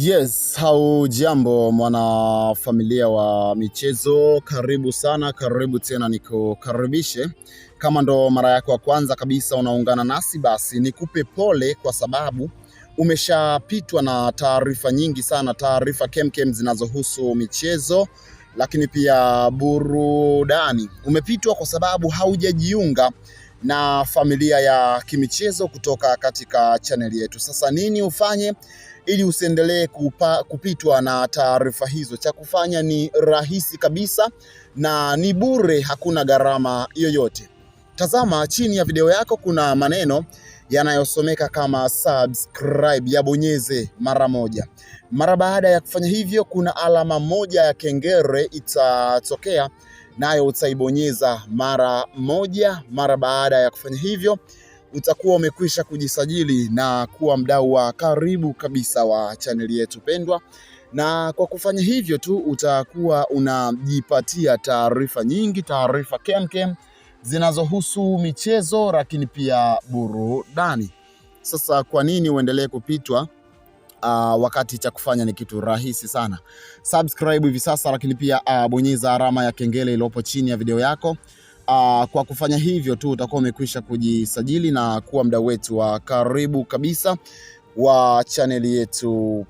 Yes, jambo mwanafamilia wa michezo, karibu sana, karibu tena, nikukaribishe. Kama ndo mara yako ya kwanza kabisa unaungana nasi, basi nikupe pole kwa sababu umeshapitwa na taarifa nyingi sana, taarifa kemkem zinazohusu michezo, lakini pia burudani. Umepitwa kwa sababu haujajiunga na familia ya kimichezo kutoka katika chaneli yetu. Sasa nini ufanye ili usiendelee kupitwa na taarifa hizo? Cha kufanya ni rahisi kabisa na ni bure, hakuna gharama yoyote. Tazama chini ya video yako, kuna maneno yanayosomeka kama subscribe, yabonyeze mara moja. Mara baada ya kufanya hivyo, kuna alama moja ya kengele itatokea nayo utaibonyeza mara moja. Mara baada ya kufanya hivyo, utakuwa umekwisha kujisajili na kuwa mdau wa karibu kabisa wa chaneli yetu pendwa, na kwa kufanya hivyo tu utakuwa unajipatia taarifa nyingi, taarifa kemkem zinazohusu michezo, lakini pia burudani. Sasa kwa nini uendelee kupitwa uh, wakati cha kufanya ni kitu rahisi sana. Subscribe hivi sasa, lakini pia uh, bonyeza alama ya kengele iliyopo chini ya video yako. Uh, kwa kufanya hivyo tu utakuwa umekwisha kujisajili na kuwa mdau wetu wa karibu kabisa wa chaneli yetu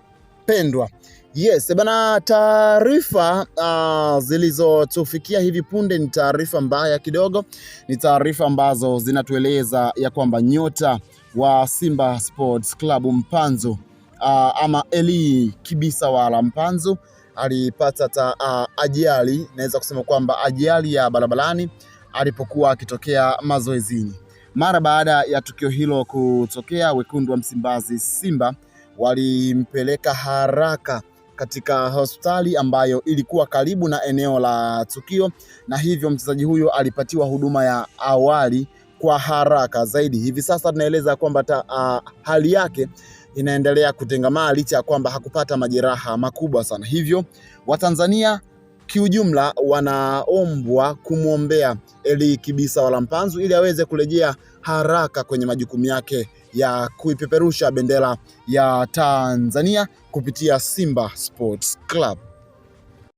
pendwa. Yes, eh, bana, taarifa uh, zilizotufikia hivi punde ni taarifa mbaya kidogo. Ni taarifa ambazo zinatueleza ya kwamba nyota wa Simba Sports Club Mpanzu uh, ama Eli Kibisa wa Lampanzu alipata ta, uh, ajali naweza kusema kwamba ajali ya barabarani alipokuwa akitokea mazoezini. Mara baada ya tukio hilo kutokea, wekundu wa Msimbazi Simba walimpeleka haraka katika hospitali ambayo ilikuwa karibu na eneo la tukio, na hivyo mchezaji huyo alipatiwa huduma ya awali kwa haraka zaidi. Hivi sasa tunaeleza kwamba uh, hali yake inaendelea kutengamaa licha ya kwamba hakupata majeraha makubwa sana. Hivyo Watanzania kiujumla wanaombwa kumwombea Eli Kibisa Walampanzu ili aweze kurejea haraka kwenye majukumu yake ya kuipeperusha bendera ya Tanzania kupitia Simba Sports Club.